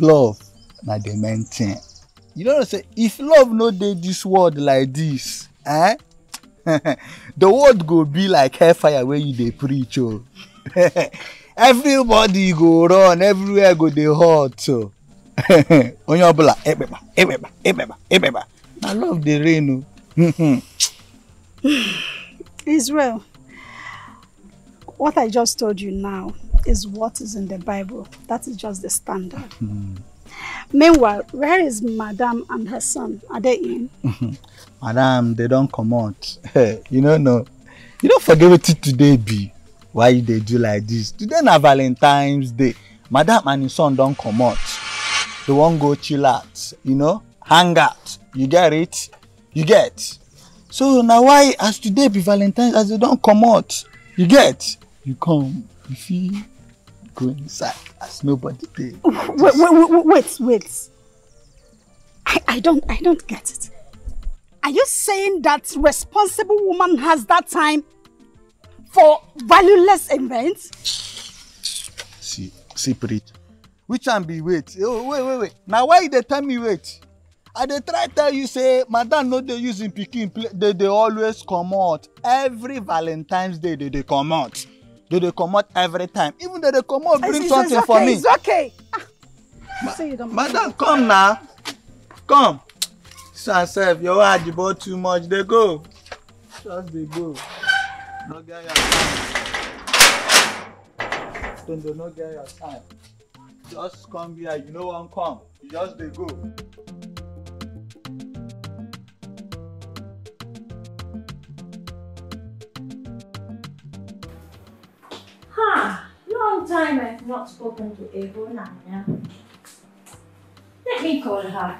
love na the main thing you know say if love no dey this world like this, eh the world go be like hellfire wey you dey preach o oh. everybody go run everywhere go dey hot o oh. onye ọbụla ekpekpa eh, ekpekpa eh, ekpekpa eh, ekpekpa na love dey reign o. Oh. Israel, what I just told you now is what is in the Bible. That is just the standard. Mm. Meanwhile, where is Madame and her son? Are they in? Mm-hmm. Madame, they don't come out. you don't know. You don't forget what today be. Why they do like this? Today na Valentine's Day. Madame and his son don't come out. They won't go chill out, you know, hang out. You get it? You get. So now why as today be Valentine's as they don't come out? You get? You come. you see, go inside as nobody did. Wait, wait, wait, wait. I, I don't, I don't get it. Are you saying that responsible woman has that time for valueless events? See, see, Prit. Which one be wait? Oh, wait, wait, wait. Now why they tell me wait? I they try tell you say madam no they using picking. They, play always come out every valentines day they come out. they dey comot every time even though they comot bring say, something okay, for me. it's okay it's ah. okay. Ma madam come na come see am sef your own ajibo too much dey go just dey go no get your time tondo no get your time just come here you no wan come you just dey go. time I've not spoken to now. Let me call her.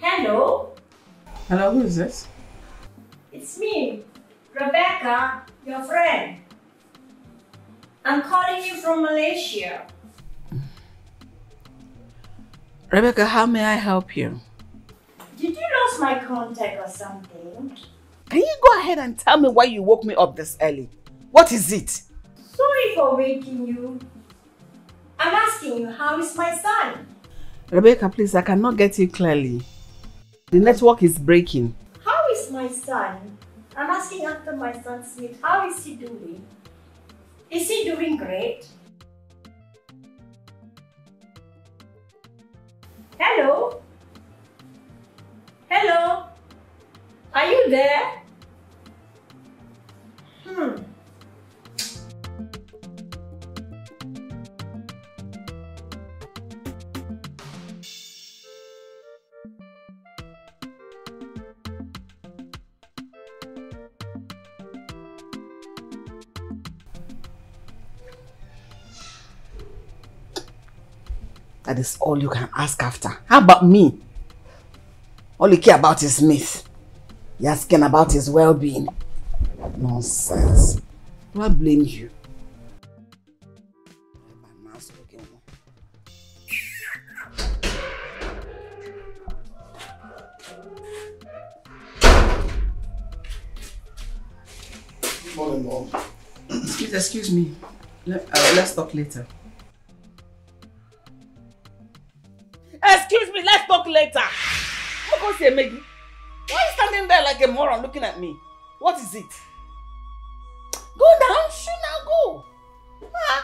Hello? Hello, who is this? It's me, Rebecca, your friend. I'm calling you from Malaysia. Rebecca, how may I help you? Did you lose my contact or something? Can you go ahead and tell me why you woke me up this early? What is it? Sorry for waking you. I'm asking you, how is my son? Rebecca, please, I cannot get you clearly. The network is breaking. How is my son? I'm asking after my son Smith. How is he doing? Is he doing great? Hello? Hello? Are you there? Hmm. That is all you can ask after. How about me? All you care about is Smith. You're asking about his well-being. Nonsense. Do I blame you? Excuse, excuse me. Let, uh, let's talk later. see Emegi? Why are you standing there like a moron looking at me? What is it? Go down, shoot now, go. Ah.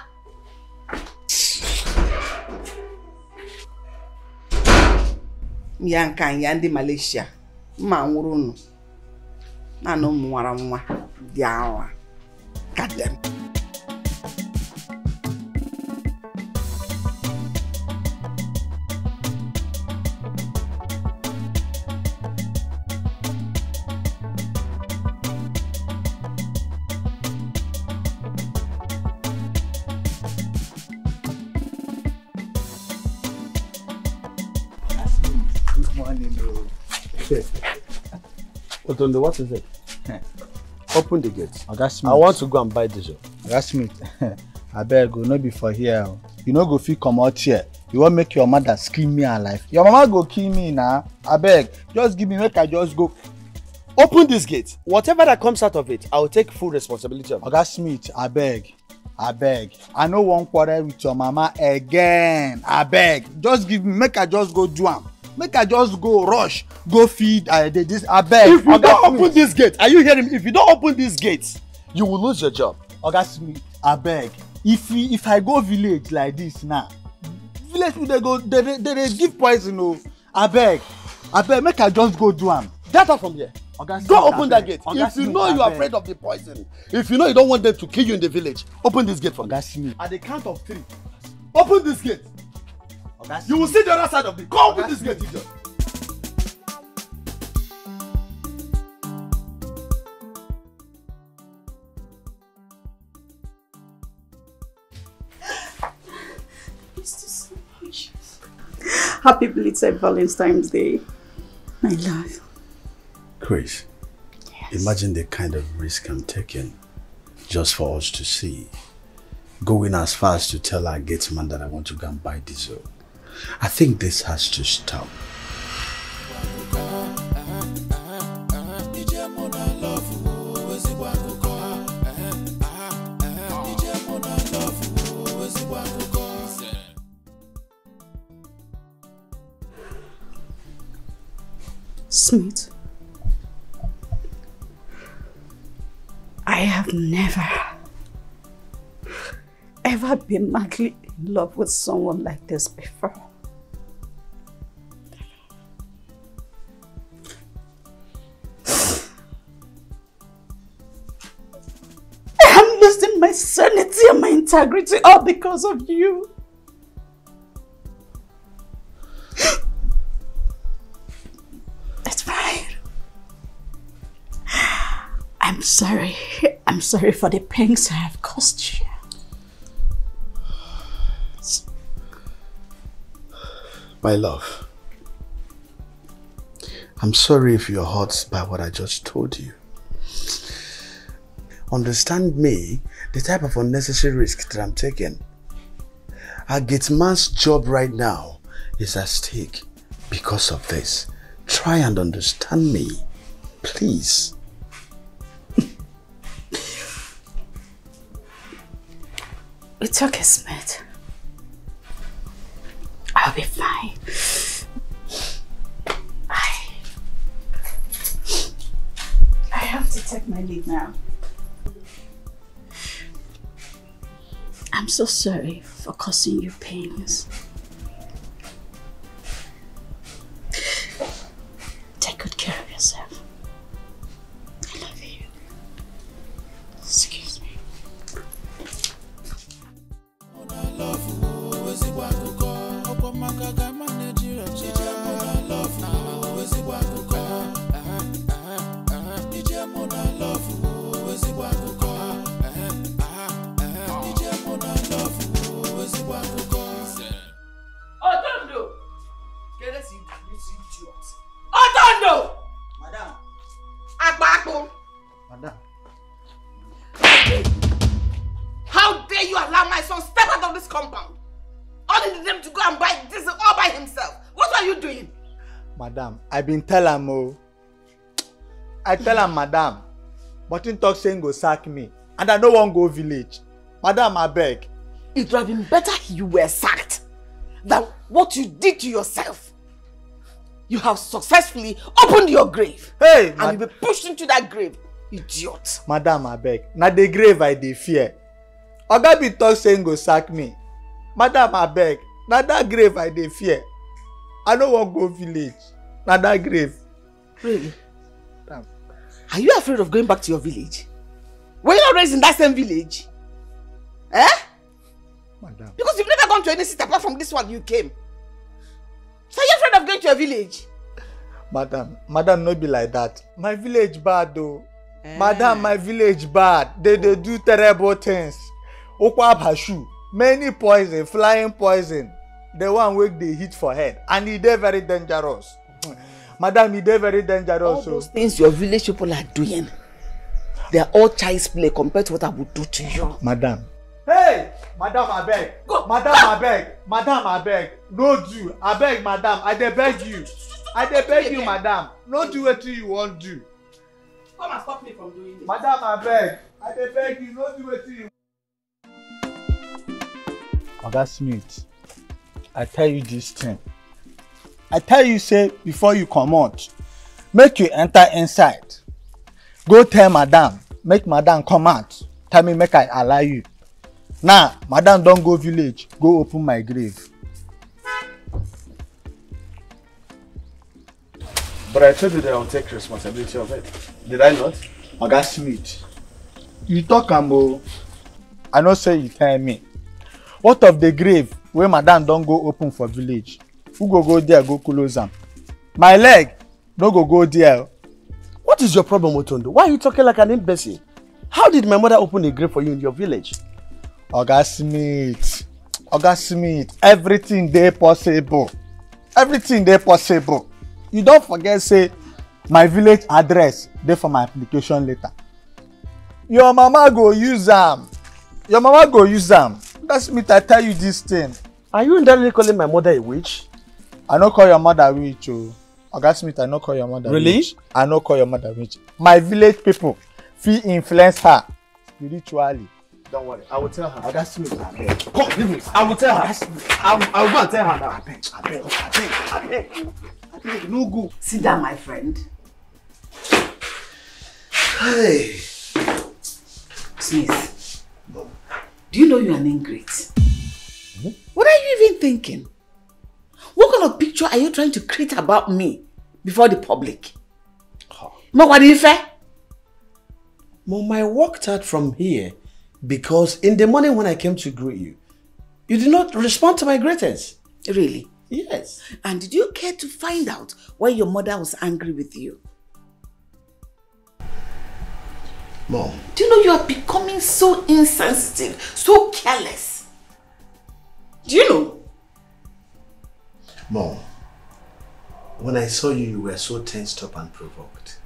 Ya nke anyị ya Malaysia, mma nwụrụ unu, naanị ụmụ nwara nwa dị awa. God damn. Atolo, what is it? Open the gate. Oga Smith. I want to go and buy diesel. Oga Smith, beg, o, no be for here You no go fit out here. You wan make your mother scream me alive. Your mama go kill me na. Abeg, just give me make I just go. Open this gate. Whatever that comes out of it, I will take full responsibility of it. Oga Smith, abeg. abeg i no wan quarrel with your mama again abeg just give me make i just go do am make i just go rush go feed ayede uh, this abeg oga if you don open this gate are you hearing me if you don open this gate you will lose your job oga simi abeg if we if i go village like this now village people dey go dey dey dey dey give poison o oh. abeg abeg make i just go do am get out from here oga go open that gate oga if you know you are afraid of the poison if you know you don want them to kill you in the village open this gate for me oga simi at the count of three open this gate you will see the other side of the. Come with this gate, idiot. Happy belated Valentine's Day, my love. Chris, yes. imagine the kind of risk I'm taking just for us to see. Going as far as to tell our gate man that I want to go and buy dessert. I think this has to stop. Smith, I have never, ever been madly in love with someone like this before. integrity all because of you. It's fine. I'm sorry. I'm sorry for the pains I have caused you. My love, I'm sorry if you're hurt by what I just told you understand me the type of unnecessary risk that I'm taking. A man's job right now is at stake because of this. Try and understand me, please. it's okay, Smith. I'll be fine. I, I have to take my leave now. I'm so sorry for causing you pains. i bin tell am o i tell am madam but him talk say him go sack me and i no wan go village madam abeg. it would have been better you were sacked than what you did to yourself you have successfully opened your grave. Hey, and you be pushed into that grave idiot. madam abeg na the grave i dey fear oga bin talk say him go sack me madam abeg na that grave i dey fear i no wan go village na that grave. really Damn. are you afraid of going back to your village were you not raised in that same village eh Madam. because you've never gone to any city apart from this one you came so are you afraid of going to your village. madam madam not be like that my village bad though, eh. madam my village bad they they do terrible things okwabashu many poison flying poison the one wey dey hit for head and it is very dangerous madam e dey very dangerous. all oh. those things your village people are doing they are all child's play compared to what i would do to you. madam. hey madam abeg madam abeg madam abeg no do abeg madam i dey beg you i dey beg you madam no do wetin you wan do. come and stop me from doing this. madam abeg i dey beg you no do wetin you. oga smith i tell you dis thing i tell you say before you come out, make you enter inside go tell madam make madam come out tell me make i allow you now madam don't go village go open my grave. But I told you that I will take responsibility of it. Did I not? Oga Smith, you talk ambo. I know say you tell me. What of the grave Where madam don't go open for village? who go go there go close am my leg no go go there. what is your problem otondo why are you talking like an imbecile how did my mother open a grave for you in your village. oga smith oga smith everything dey possible everything dey possible you don forget say my village address dey for my application letter your mama go use am your mama go use am oga smith i tell you dis thing. are you indirectly calling my mother a witch i no call your mother witch o oh. oga smith i no call your mother really? witch i no call your mother witch my village people fit influence her spiritually. don't worry i will tell her oga smith abeg come leave me i will tell her i will i will go and tell her now abeg abeg abeg abeg abeg no go. sit down my friend. Hey. smith do you know you are an ingrate. Mm -hmm. what are you even thinking kind of picture are you trying to create about me before the public? Mo do you say, Mom, I walked out from here because in the morning when I came to greet you, you did not respond to my greetings. Really? Yes. And did you care to find out why your mother was angry with you? Mom. Do you know you are becoming so insensitive, so careless? Do you know? Mom, when I saw you, you were so tensed up and provoked.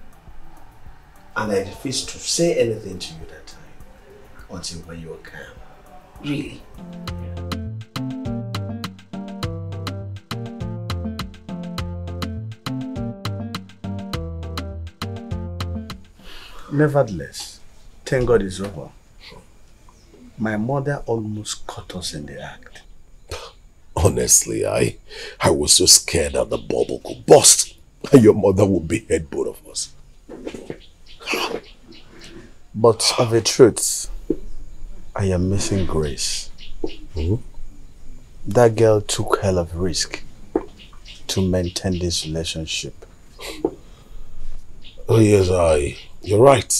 And I refused to say anything to you that time, until when you were calm. Really? Nevertheless, thank God it's over. My mother almost caught us in the act. Honestly, I, I was so scared that the bubble could burst and your mother would behead both of us. But of a truth, I am missing Grace. Hmm? That girl took hell of risk to maintain this relationship. Oh yes, I. You're right.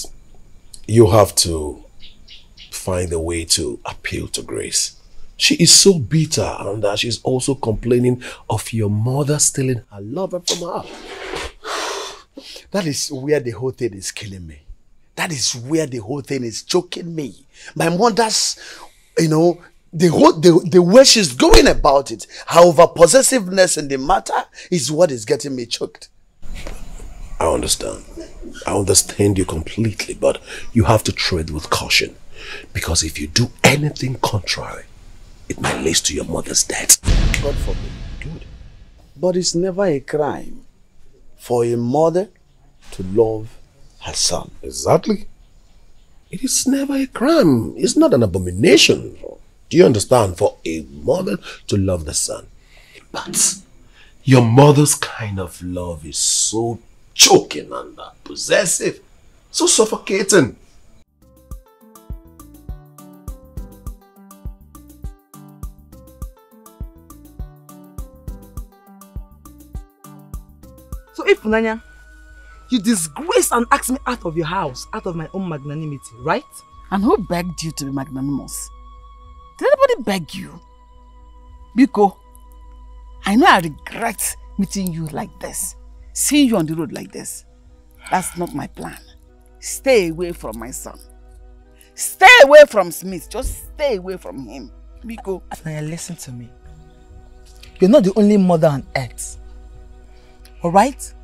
You have to find a way to appeal to Grace. She is so bitter and that she's also complaining of your mother stealing her lover from her. that is where the whole thing is killing me. That is where the whole thing is choking me. My mother's, you know, the whole the, the way she's going about it, However, possessiveness in the matter is what is getting me choked. I understand. I understand you completely, but you have to tread with caution. Because if you do anything contrary, it might lead to your mother's death. God forbid. Good. But it's never a crime for a mother to love her son. Exactly. It is never a crime. It's not an abomination. Do you understand? For a mother to love the son. But your mother's kind of love is so choking and possessive, so suffocating. So if Ifunanya, you disgrace and asked me out of your house, out of my own magnanimity, right? And who begged you to be magnanimous? Did anybody beg you? Biko, I know I regret meeting you like this, seeing you on the road like this. That's not my plan. Stay away from my son. Stay away from Smith. Just stay away from him. Biko. Now listen to me. You're not the only mother on earth all right?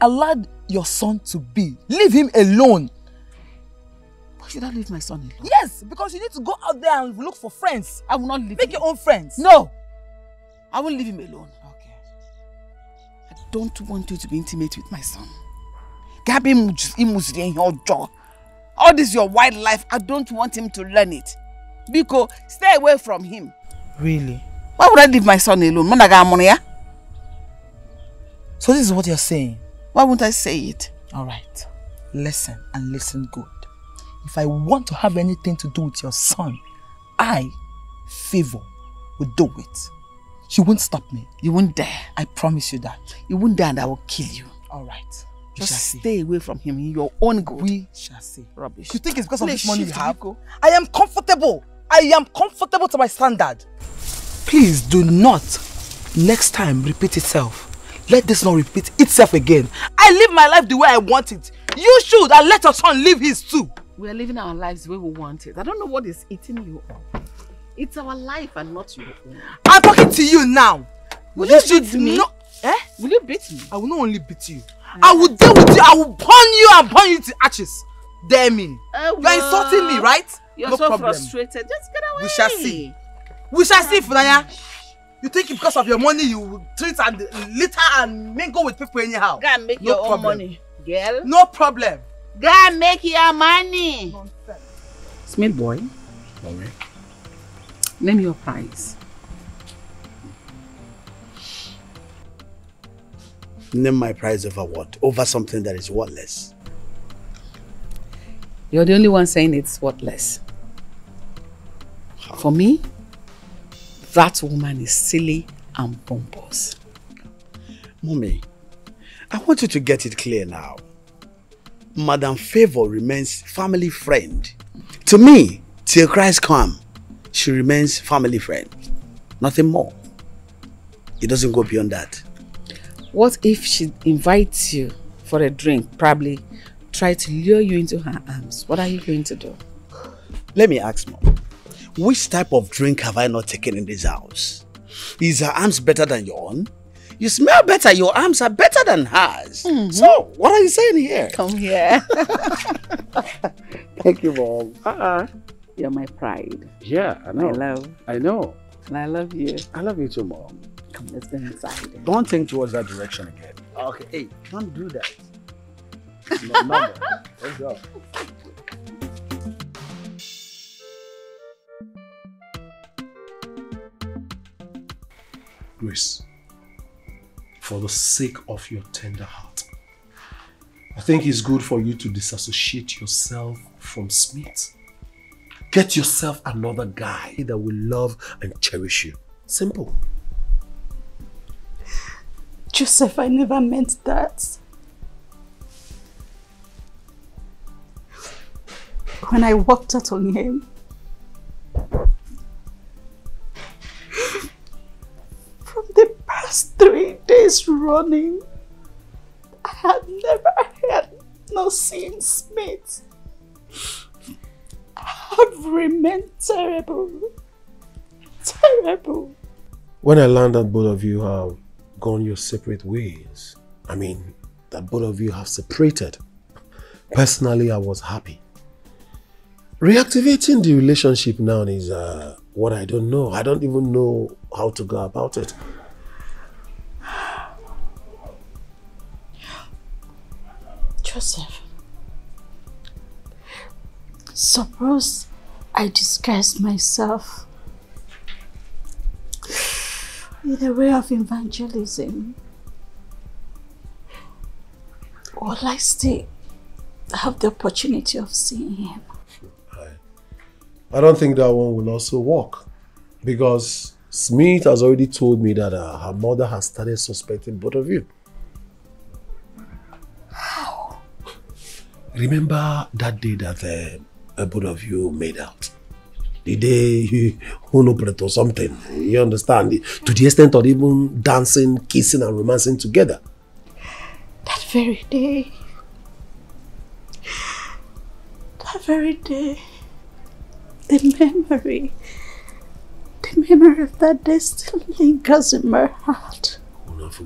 Allow your son to be. Leave him alone. Why should I leave my son alone? Yes, because you need to go out there and look for friends. I will not leave Make him. your own friends. No. I will leave him alone. Okay. I don't want you to be intimate with my son. Gabi be in your jaw. All this your wildlife, I don't want him to learn it. Biko, stay away from him. Really? Why would I leave my son alone? So this is what you're saying? Why won't I say it? Alright. Listen and listen good. If I want to have anything to do with your son, I, Favor, will do it. She won't stop me. You won't dare. I promise you that. You won't dare and I will kill you. Alright. Just stay see. away from him in your own good. We shall see. Rubbish. You think it's because of this money you have? I am comfortable. I am comfortable to my standard. Please do not next time repeat itself. Let this not repeat itself again. I live my life the way I want it. You should and let your son live his too. We are living our lives the way we want it. I don't know what is eating you It's our life and not your own. I'm talking to you now. Will you, you beat me? No, eh? Will you beat me? I will not only beat you. Uh, I will deal with you. I will burn you and burn you to ashes. Damn me. Uh, eh, You're insulting me, right? You're no so problem. frustrated. Just get away. We shall see. We shall see, Funaya. You think because of your money you treat and litter and mingle with people anyhow? Go and make no your problem. own money, girl. No problem. Go and make your money. Nonsense. Smith boy. Okay. Name your price. Name my price over what? Over something that is worthless. You're the only one saying it's worthless. For me, that woman is silly and pompous. Mommy, I want you to get it clear now. Madam Favor remains family friend. To me, till Christ come, she remains family friend. Nothing more. It doesn't go beyond that. What if she invites you for a drink, probably try to lure you into her arms? What are you going to do? Let me ask mom. Which type of drink have I not taken in this house? Is her arms better than your own? You smell better. Your arms are better than hers. Mm -hmm. So, what are you saying here? Come here. Thank you, Mom. Uh-uh. You're my pride. Yeah, I know. My love. I know. And I love you. I love you too, Mom. Come, let's go inside. Don't think towards that direction again. Okay, hey, don't do that. no, no, no. Let's go. grace for the sake of your tender heart. I think it's good for you to disassociate yourself from Smith. Get yourself another guy that will love and cherish you. Simple. Joseph, I never meant that. When I walked out on him, Is running. I had never had no seen mate. I have remained terrible. Terrible. When I learned that both of you have gone your separate ways, I mean, that both of you have separated, personally, I was happy. Reactivating the relationship now is uh, what I don't know. I don't even know how to go about it. Joseph. Suppose I disguise myself in the way of evangelism. Will I still have the opportunity of seeing him? I don't think that one will also work because Smith has already told me that uh, her mother has started suspecting both of you. Remember that day that uh, a both of you made out? The day you Honopret or something, you understand? To the extent of even dancing, kissing and romancing together. That very day. That very day. The memory. The memory of that day still lingers in my heart. I love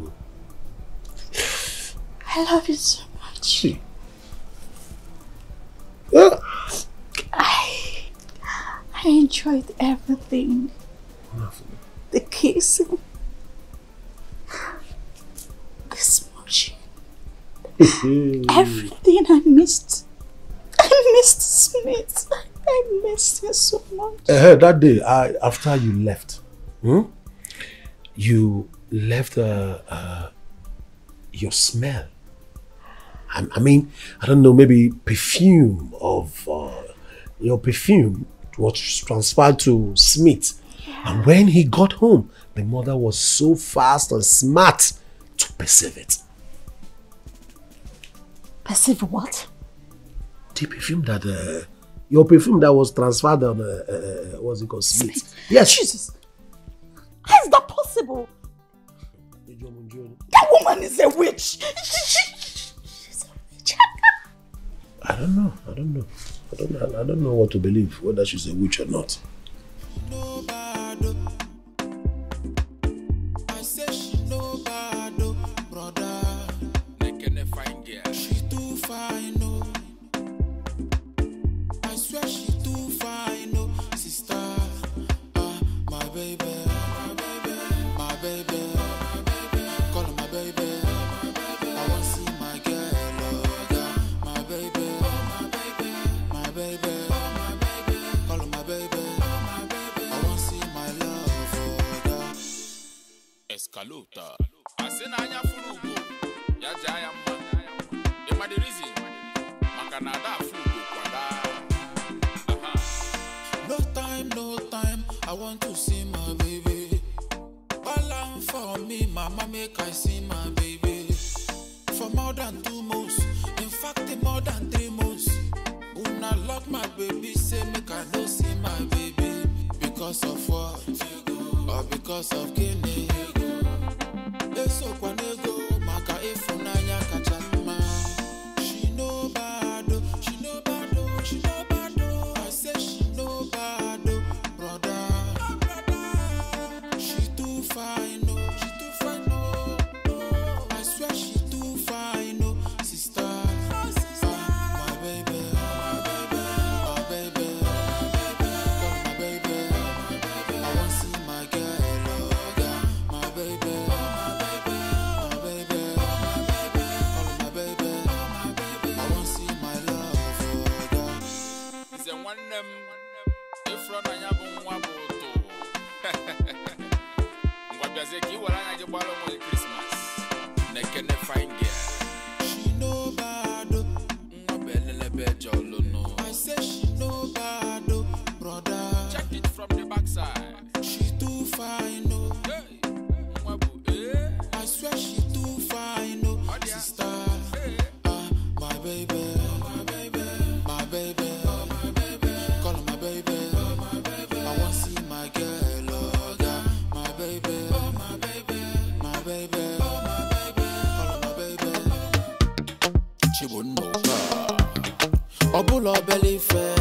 you so much. I, I enjoyed everything. The kissing, the smooching, mm-hmm. everything I missed. I missed Smith. I missed him so much. Uh, that day, I, after you left, hmm? you left uh, uh, your smell I, I mean, I don't know, maybe perfume of uh, your perfume was transferred to Smith. Yeah. And when he got home, the mother was so fast and smart to perceive it. Perceive what? The perfume that uh, your perfume that was transferred on uh, uh, uh what's it called Smith. Smith. Yes. Jesus. How is that possible? That woman is a witch. She, she, don't know. I don't know. I don't, I don't know what to believe, whether she's a witch or not. I want to see my baby. Balance for me, mama, make I see my baby. For more than two months, in fact, more than three months. I lock my baby, say make I no see my baby. Because of what? Or because of kidney? It's so ọ bụla belly ife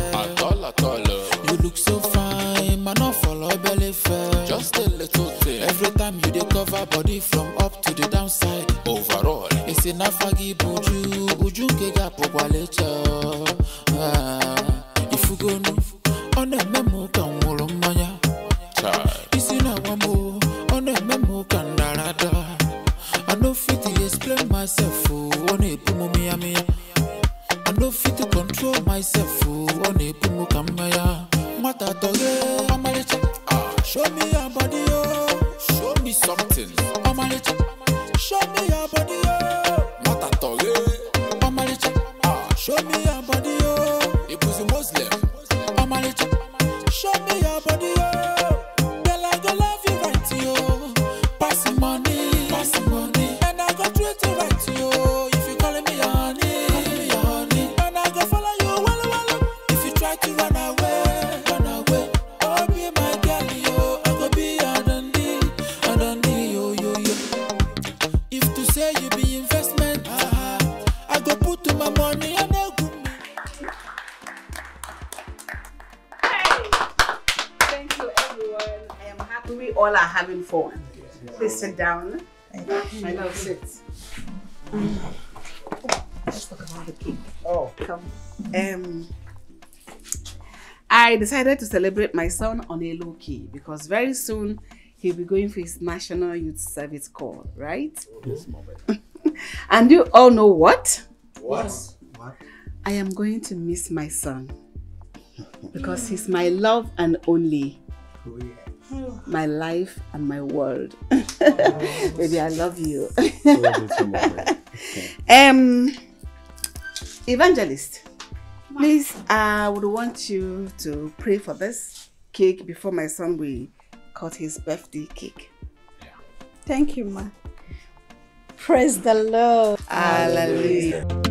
sit down. I know, sit. Oh. Come. Um, I decided to celebrate my son on a low key because very soon he'll be going for his National Youth Service Corps, right? Yes, And you all know what? What? What? I am going to miss my son because he's my love and only. Oh, yeah my life and my world. Oh. Baby, I love you. Um, evangelist, please, I would want you to pray for this cake before my son will cut his birthday cake. Thank you, ma. Praise the Lord. Hallelujah. Hallelujah.